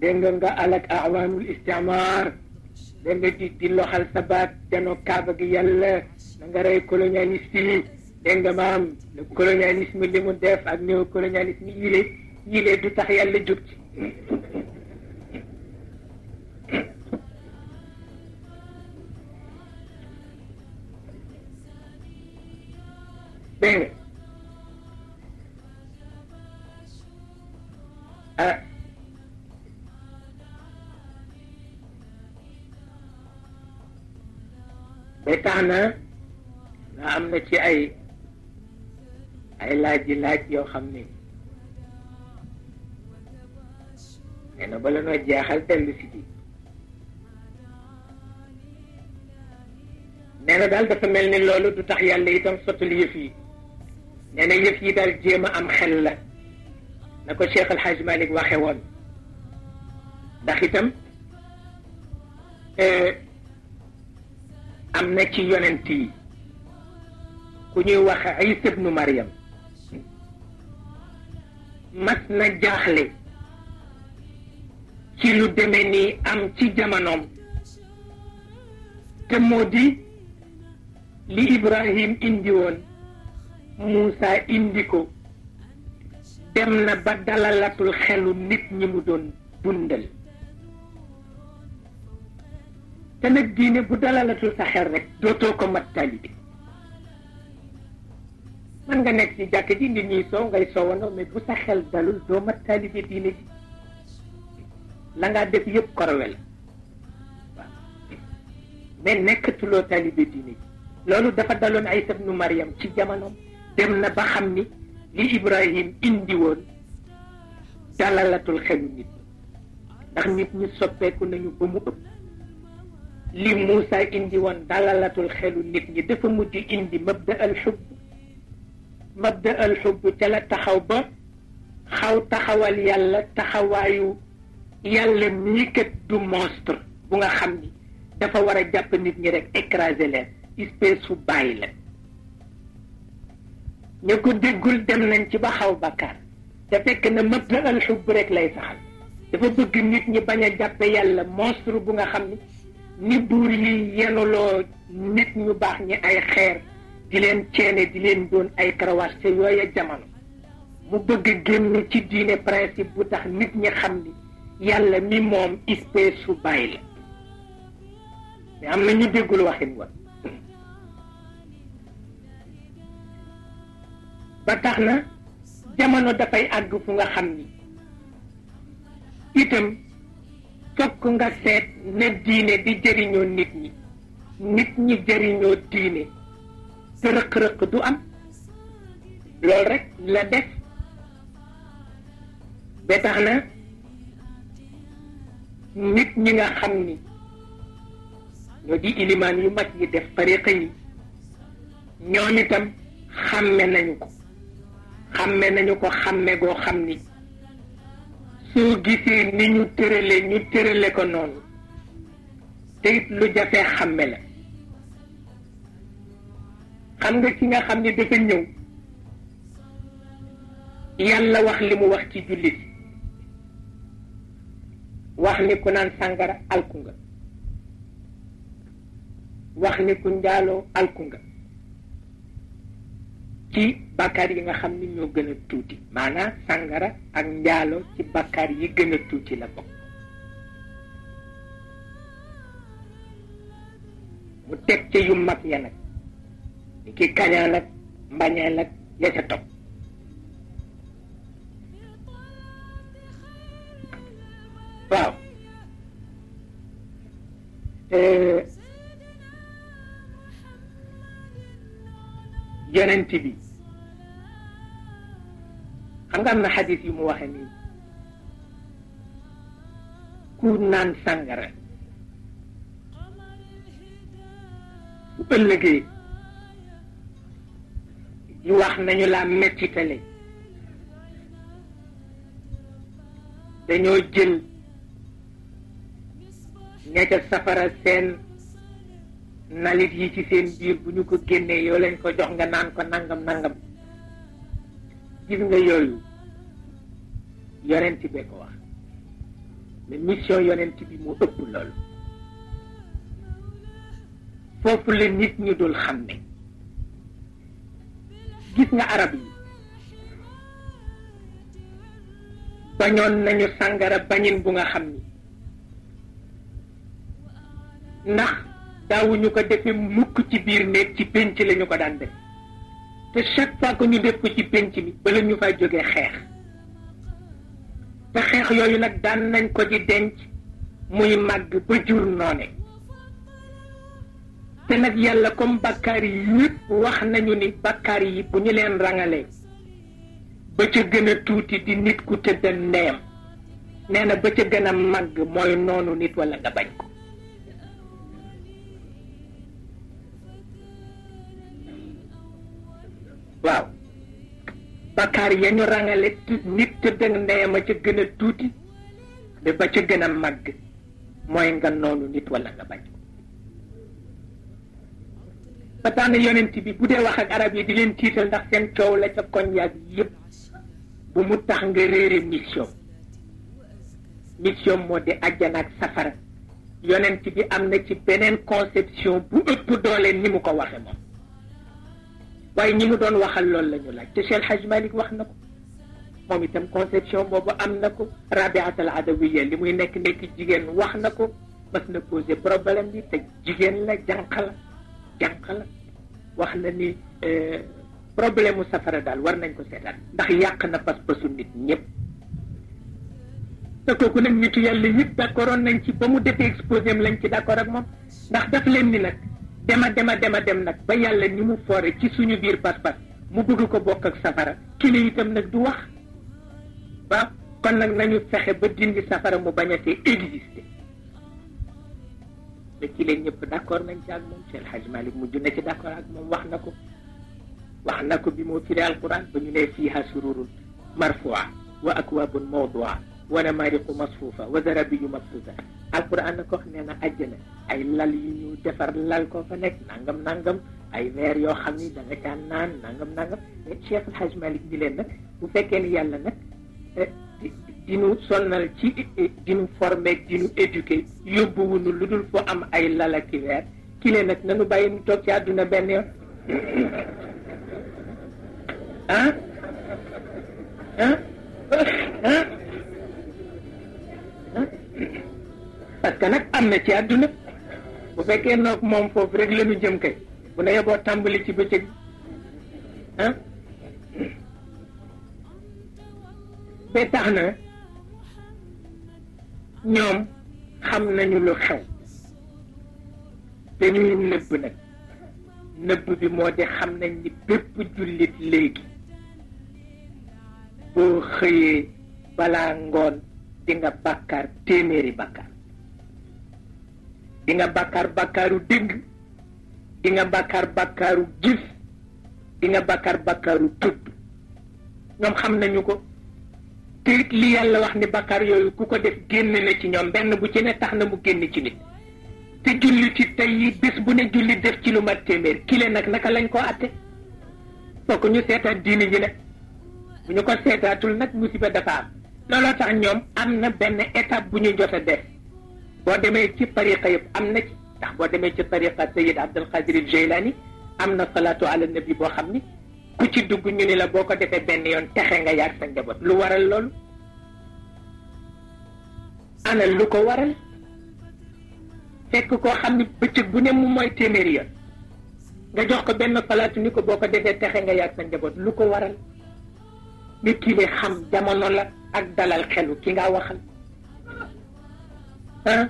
dégg nga nga alak awaanul istimar di di loxal sa baat janoo kaaba gi yàlla na nga rey colonialiste nga maam le colonialisme li mu def ak néo colonialisme yile yile du tax yàlla jub ci dégg nga ah na nga am na ci ay ay laaj yi laaj yoo xam ni nee na bala noo jeexal dellu si bi nee na daal dafa mel ni loolu du tax yàlla itam sottal yëf fii nee na yëf yi daal jéem a am xel la na ko Cheikh El Hadj waxe woon daxitam itam eh, am na ci yonent yi ku ñuy wax Isa ibnu Maryam mas na jaaxle ci lu deme nii am ci jamonoom te moo di li Ibrahim indi woon Moussa indi ko dem na ba dalalatul xelu nit ñi mu doon dundal te nag diine bu dalalatul sa xel rek dootoo ko mat taalibe man nga nekk ci jàkk ji nit ñi soow ngay soowandoo mais bu sa xel dalul doo mat taalibe diine ji la ngaa def yëpp korowe la waaw mais nekkatuloo taalibe diine ji loolu dafa daloon Iisaa ibnu Maryam ci jamonoom dem na ba xam ni li Ibrahim indi woon dalalatul xelu nit ndax nit ñi soppeeku nañu ba mu ëpp li Moussa indi woon dalalatul xelu nit ñi dafa mujj indi mabda al xubb mabda al xubb ca la taxaw ba xaw taxawal yàlla taxawaayu yàlla mii kat du monstre bu nga xam ni dafa war a jàpp nit ñi rek écraser leen espèce su bàyyi la ñu ko déggul dem nañ ci ba xaw bakkaar te fekk na mat na alxub lay dafa bëgg nit ñi bañ a jàppe yàlla monstre bu nga xam ni ni buur yi yenuloo nit ñu baax ñi ay xeer di leen ceene di leen doon ay karawaas te yooya jamono mu bëgg génn ci diine principe bu tax nit ñi xam ni yàlla mi moom espèce su bàyyi la mais am na ñu déggul waxin wa ba tax na jamono dafay àgg fu nga xam ni itam fokk nga seet ne diine di jëriñoo nit ñi nit ñi jëriñoo diine te rëq-rëq du am lool rek la def ba tax na nit ñi nga xam ni ñoo di ilimaan yu mag yi def tariqa yi ñoom itam xàmme nañu ko xamme nañu ko xamme goo xam ni soo gisee ni ñu tërale ñu tërale ko noonu te it lu jafee xamme la xam nga ki nga xam ni dafa ñëw yàlla wax li mu wax ci jullit wax ni ku naan sàngara alku nga wax ni ku njaaloo alku nga ci bàkkaar yi nga xam ni ñoo gën a tuuti maanaam sàngara ak njaalo ci bàkkaar yi gën a tuuti la bokk mu teg ca yu ya nag ni ki kañaan ak mbañeel ak ya ca topp waaw yonent bi xam nga am na xadis yu mu waxe nii ku naan sàngara bu ëllëgee ñu wax nañu laa mettitale dañoo jël ña safara seen nalit yi ci seen biir bu ñu ko génnee yoo leen ko jox nga naan ko nangam nangam gis nga yooyu yonent bee ko wax mais mission yonent bi moo ëpp loolu foofu la nit ñu dul xam ne gis nga arab yi bañoon nañu sàngara bañin bu nga xam ni ndax daawuñu ko defe mukk ci biir néeg ci pénc lañu ko daan def te chaque fois que ñu def ko ci pénc bi bala ñu fay jógee xeex te xeex yooyu nag daan nañ ko ci denc muy màgg ba jur noone te nag yàlla comme bàkkaar yi yëpp wax nañu ni bàkkaar yi bu ñu leen rangalee ba ca gën tuuti di nit ku tëdd ndeyam nee na ba ca gën a màgg mooy noonu nit walla nga bañ ko waaw bakkaar ya ñu rangale nit te dëng nee ma ca gën a tuuti ba ba ca gën a màgg mooy nga noonu nit wala nga bañ ba tax na yonent bi bu dee wax ak arab yi di leen tiital ndax seen coow la ca koñ yaag yëpp bu mu tax nga réere mission mission moo di àjjana ak safara yonent bi am na ci beneen conception bu ëpp doole ni mu ko waxe moom waaye ñi nga doon waxal loolu la ñu laaj te Cheikh Hadj Malick wax na ko moom itam conception boobu am na ko rabiatal adawiya li muy nekk nekk jigéen wax na ko mas na posé problème bi jigéen la jànq la jànq la wax na ni euh, problème mu safara daal war nañ ko seetaat ndax yàq na pas-pasu nit ñëpp te kooku nag nitu yàlla yëpp d'accord nañ ci ba mu defee exposé am lañ ci d'accord ak moom ndax daf leen ni nag dema dema dema dem nag ba yàlla ni mu foore ci suñu biir pas-pas mu bëgg ko bokk ak safara kile itam nag du wax waaw kon nag nañu fexe ba dindi safara mu bañatee exister te kile ñëpp d'accord nañ ci ak moom Cheikh Hadj Malick mujj na ci d'accord ak moom wax na ko wax na ko bi moo firee alquran ba ñu ne fiiha sururun marfuwa wa akwabun mawdua wa namariqu masfufa wa zarabiyu mabsuuta alquran na ko wax nee na àjjana ay lal yu ñu defar lal ko fa nekk nangam nangam ay weer yoo xam ni da nga naan nangam nangam mais Cheikh El Hadj Malick bi nag bu fekkee ni yàlla nag eh, dinu sonnal ci eh, dinu formé dinu éduqué yóbbuwunu lu dul foo am ay lal ak i weer ki nag nanu bàyyi nu toog ci àdduna benn yoon ah ah, ah? ah? parce que nag am na ci àdduna bu fekkee nag moom foofu rek la ñu jëm kay bu la yeboo tàmbali ci bëccëg ah ba tax na ñoom xam nañu lu xew dañuy nëbb nag nëbb bi moo di xam nañ ni bépp jullit léegi boo xëyee balaa ngoon di nga bàkkaar téeméeri bàkkaar di nga bàkkaar bàkkaaru dégg di nga bàkkaar bàkkaaru gis di nga bàkkaar bàkkaaru tudd ñoom xam nañu ko te it li yàlla wax ni bàkkaar yooyu ku ko def génn na ci ñoom benn bu ci ne tax na mu génn ci nit te jullit yi tey bu ne jullit def ci lu mat téeméer kile nag naka lañ ko atte fokk ñu seetaat diini ji nag bu ñu ko seetaatul nag musiba dafa am looloo tax ñoom am na benn étape bu ñu jot a def boo demee ci tariqa yëpp am na ci ndax boo demee ci tariqa sayid abdul qadir al jaylani am na salaatu ala nabi boo xam ni ku ci dugg ñu ni la boo ko defee benn yoon texe nga yaag sa njaboot lu waral loolu ana lu ko waral fekk koo xam ne bëccëg bu ne mu mooy téeméeri yoon nga jox ko benn salaatu ni ko boo ko defee texe nga yaag sa njaboot lu ko waral nit ki ne xam jamono la ak dalal xelu ki nga waxal ah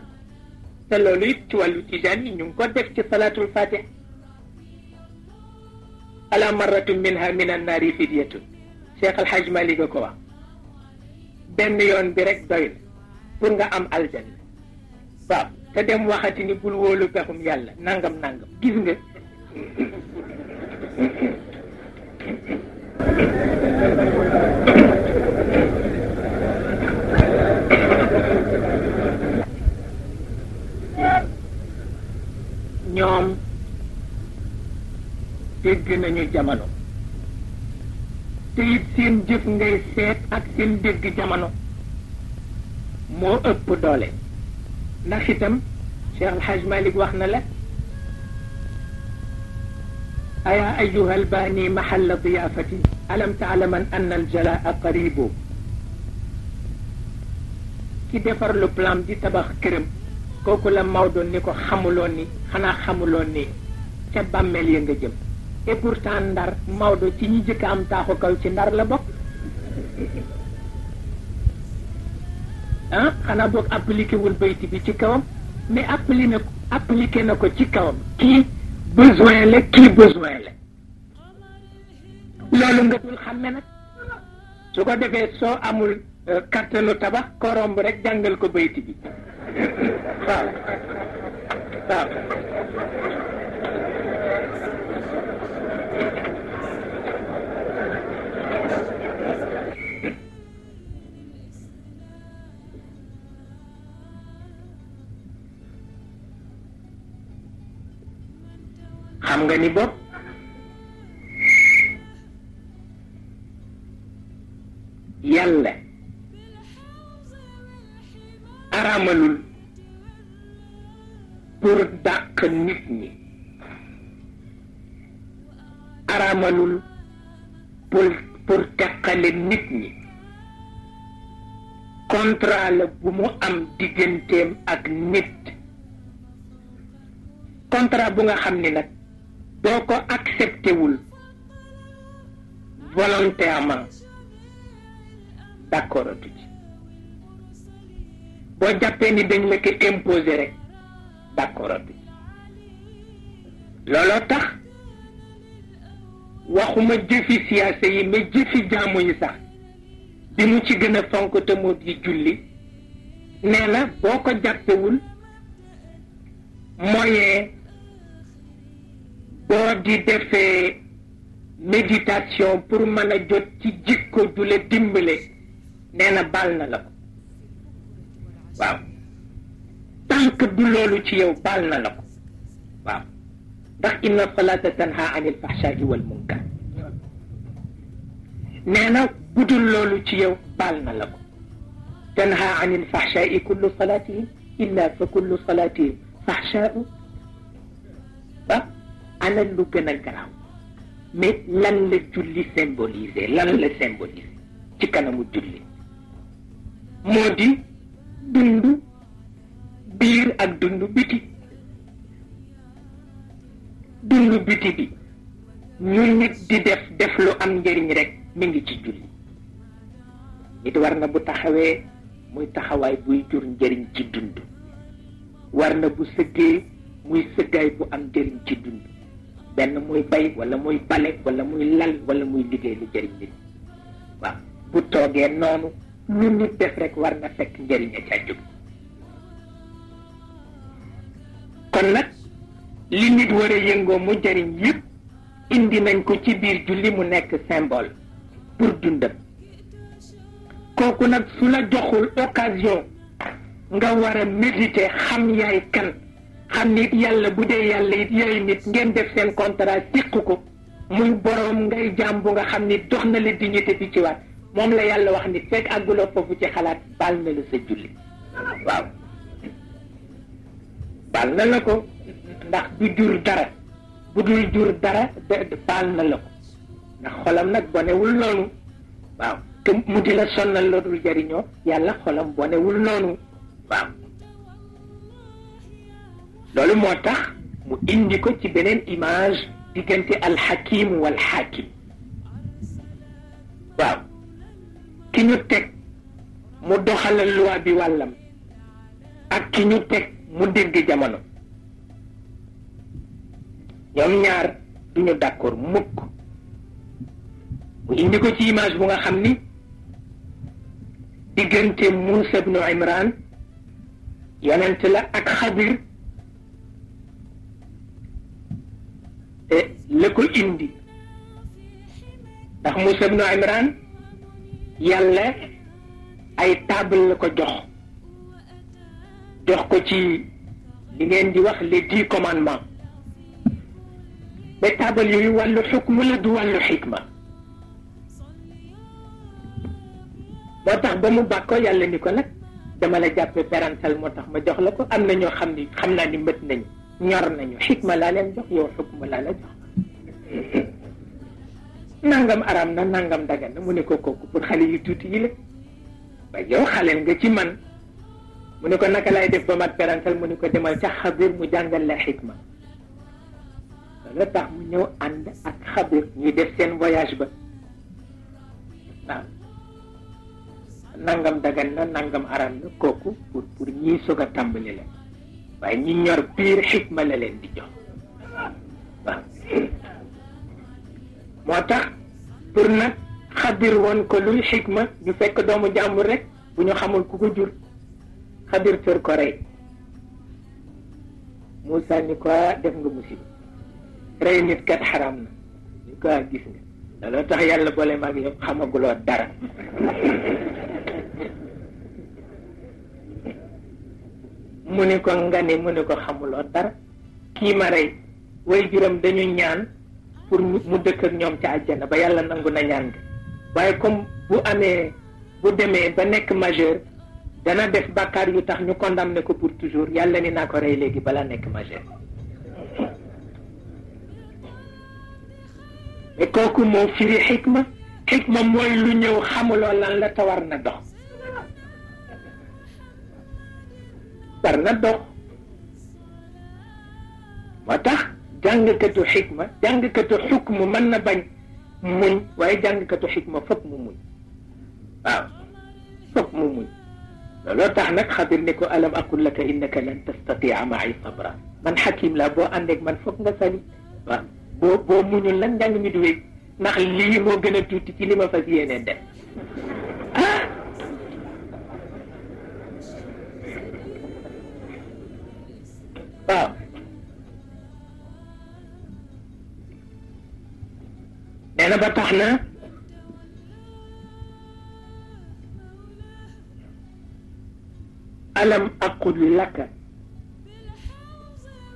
te loolu it ci wàllu tijaan yi ñu ngi ko def ci salaatul fatiha ala marratun minha min annaari fidyatun cheikh alhaj malik ko wax benn yoon bi rek doy pour nga am aljanna waaw te dem waxati ni bul wóolu pexum yàlla nangam nangam gis nga ñoom dégg nañu jamono te seen jëf ngay seet ak seen dégg jamono moo ëpp doole ndax itam Cheikh Al wax na la ayaa ayuha albaani maxalla diyaafati alam taalaman anna aljalaa qaribu ki defar lu plan di tabax këram kooku la Maodo ni ko xamuloon ni xanaa xamuloon ni ca bàmmeel ya nga jëm et pourtant ndar Maodo ci ñi jëkk am taaxu kaw ci ndar la bokk ah xanaa boog appliqué wul bayti bi ci kawam mais appliqué na ko appliqué na ko ci kawam kii besoin la kii besoin la loolu nga xàmme nag su ko defee soo amul Euh, kartelu tabax korom koromb rek jàngal ko bayti bi xam nga ni bopp yàlla amalul pour dàq nit ñi aramalul pour pour nit ñi contrat la bu mu am digganteem ak nit contrat bu nga xam ni nag boo ko accepté volontairement d'accord boo jàppee ni dañ la ko rek d'accord bi looloo tax waxuma jëfi siyaasa yi mais jëfi jaamu yi sax bi mu ci gën a fonk te moo di julli nee na boo ko jàppewul moyen boo di defee méditation pour mën a jot ci jikko ju dimbale nee na baal na la ko waaw tant que du loolu ci yow baal na la ko waaw ndax inna salata tanha anil fahshai wal munkar nee na bu dul loolu ci yow baal na la ko tanha anil fahshai kullu salatihim illa fa kullu salatihim fahshau ah ana lu gën a garaaw mais lan la julli symboliser lan la symboliser ci kanamu julli moo di dund biir ak dund biti dund biti bi ñu nit di def def lu am njëriñ rek mi ngi ci julli nit war na bu taxawee muy taxawaay buy jur njëriñ ci dund war na bu sëggee muy sëggaay bu am njëriñ ci dund benn muy bay wala muy bale wala muy lal wala muy liggéey lu jëriñ nit waaw bu toogee noonu lu nit def rek war na fekk njëriña ca kon nag li nit war a yëngoo mu jëriñ yëpp indi nañ ko ci biir julli mu nekk symbole pour dundam kooku nag su la joxul occasion nga war a méditer xam yaay kan xam nit yàlla bu dee yàlla it yooyu nit ngeen def seen contrat tiq ko muy boroom ngay jàmbu nga xam ni dox na la dignité bi ci waat moom la yàlla wax ni fekk àgguloo foofu ci xalaat baal na la sa julli waaw baal na la ko ndax du jur dara bu dul jur dara baal na la ko ndax xolam nag bonewul noonu waaw te mu di la sonnal loo dul jariñoo yàlla xolam bonewul noonu waaw loolu moo tax mu indi ko ci beneen image diggante alxakim wal xaakim waaw ki ñu teg mu doxalal luwaa bi wàllam ak ki ñu teg mu dégg jamono ñoom ñaar du ñu mukk mu indi ko ci image bu nga xam ni diggante Muusa ibnu Imran yonent la ak Xadir te la ko indi ndax Muusa ibnu Imran yàlla ay table la ko jox jox ko ci li ngeen di wax les dix commandements ba table yooyu wàllu xukm la du wàllu xikma moo tax ba mu ko yàlla ni ko nag dama la jàppe parental moo tax ma jox la ko am na ñoo xam ni xam naa ni mët nañu ñor nañu xikma laa leen jox yow xukma laa la jox nangam araam na nangam dagan na mu ne ko kooku pour xale yu tuuti yi la ba yow xaleel nga ci man mu ne ko naka lay def ba mat perantal mu ne ko demal ca xabir mu jàngal la xikma la tax mu ñëw ànd ak xabir ñuy def seen voyage ba waaw nangam dagan na nangam araam na kooku pour pour ñii soog a tàmbali la waaye ñi ñor biir xikma la leen di jox moo tax pour nag xabir woon ko luy xikma ñu fekk doomu jàmbur rek bu ñu xamul ku ko jur xabir tër ko rey Moussa ni ko def nga musiba rey nit kat xaram na ni ko gis nga looloo tax yàlla boole mag yëpp xamaguloo dara mu ni ko nga ne mu ni ko xamuloo dara kii ma rey way juram dañu ñaan pour mu mu dëkk ñoom ca àjjana ba yàlla nangu na ñaan waaye comme bu amee bu demee ba nekk majeur dana def bàkkaar yu tax ñu condamné ko pour toujours yàlla ni naa ko rey léegi bala nekk majeur e kooku moo firi xikma xikma mooy lu ñëw xamuloo lan la tawar na dox war na dox moo tax jàngkatu xikma jàngkatu xukmu mën na bañ muñ waaye jàngkatu xikma foog mu muñ waaw foog mu muñ looloo tax nag xa ne ko alam lak laka innaka lan tastatia maay sabra man xakim laa boo àndeeg man foog nga sali waaw boo boo muñul nag mi du wéy ndax lii moo gën a tuuti ci li ma fas yéeneen def ah waaw nee na ba tax na alam aqul laka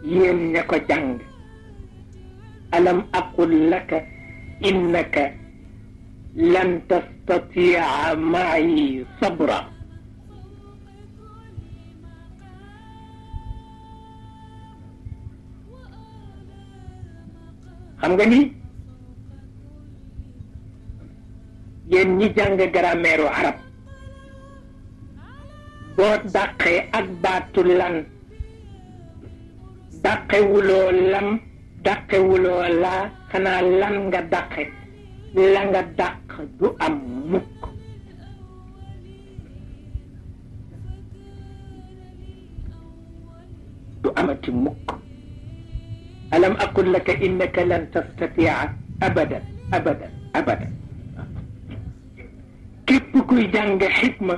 yéen ña ko jàng alam aqul laka innaka lan tastatia ma'i sabra xam nga ni yéen ñi jàng grammaire arab boo dàqee ak baatu lan dàqewuloo lam dàqewuloo laa xanaa lan nga dàqe la nga du am mukk du amati mukk alam aqul laka innaka lan tastatia abadan abadan abadan képp kuy jàng xikma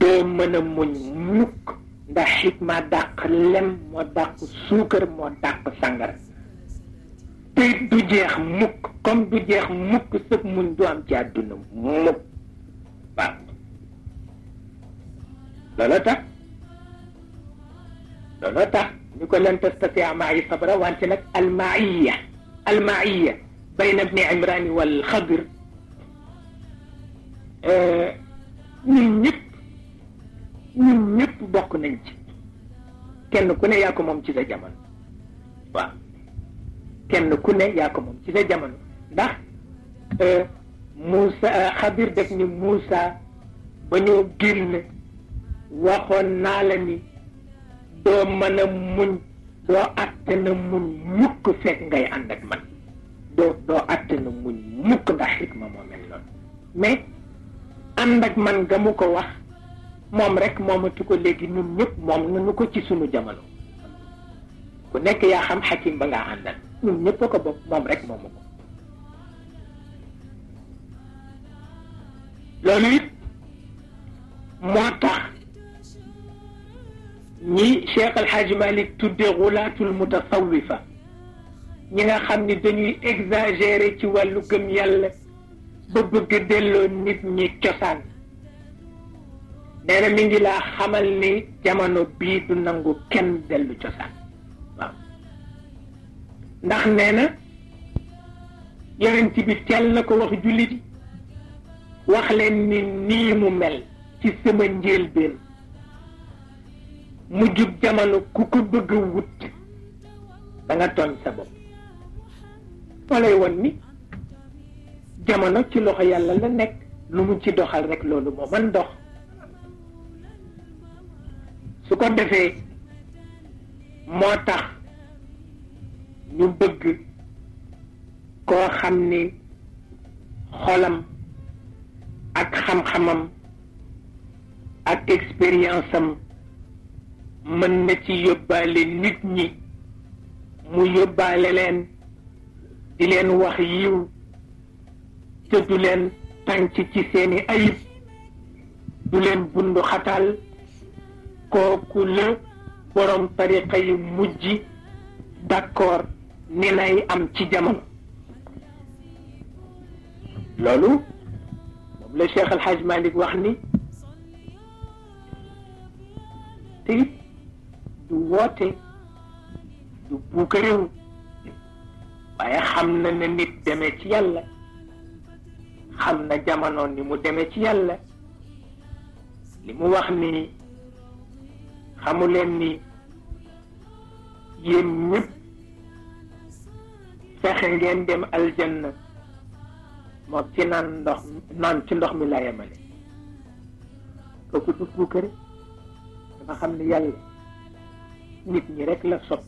doo mën a muñ mukk ndax xikma dàq lem moo dàq suukar moo dàq sàngara te du jeex mukk comme du jeex mukk sëg muñ du am ci àdduna mukk waaw loola tax loola tax ñu ko lan tastatia maayi sabra wante nag almaiya almaiya bayna bni imrani wal xadir Eh, ñun ñëpp ñun ñëpp bokk nañ ci kenn ku ne yaa ko moom ci sa jamono waaw ku ne yaa moom ci sa jamono ndax eh, Moussa Xabir eh, def ni Moussa ba ñoo génn waxoon naa la ni doo mën a muñ doo àtte na muñ mukk fekk ngay ànd ak man doo doo àtte muñ mukk ndax xikma moo mel noonu mais ànd man ga ko wax moom rek moomatu ko léegi ñun ñëpp moom nañu ko ci sunu jamono ku nekk yaa xam xakim ba ngaa àndal ñun ñëpp ko bopp moom rek moomu ko loolu it moo tax ñi Cheikh Al Hadj Malick tudde xulaatul mutasawifa ñi nga xam ni dañuy exagéré ci wàllu gëm yàlla ba bëgg delloo nit ñi cosaan nee na mi ngi laa xamal ni jamono bii du nangu kenn dellu cosaan ndax nee na yonent bi teel na ko wax jullit yi wax leen ni nii mu mel ci sama njëlbéen mu jub jamono ku ko bëgg wut da nga sa bopp lay won ni jamono ci loxo yàlla la nekk lu mu ci doxal rek loolu moo man dox su ko defee moo tax ñu bëgg koo xam ni xolam ak xam-xamam ak expérience am mën na ci yóbbaale nit ñi mu yóbbaale leen di leen wax yiw te du leen tànc ci seeni ayib du leen bundu xatal kooku la borom tariqa yu mujj d'accord ni nay am ci jamono loolu moom la Cheikh Al Hadj wax ni te it du woote du buukarewu waaye xam na ne nit demee ci yàlla xam na jamono ni mu demee ci yàlla li mu wax ni xamuleen ni yéen ñëpp fexe ngeen dem aljanna moom ci naan naan ci ndox mi la yemale kooku du bu kër dafa xam ne yàlla nit ñi rek la sopp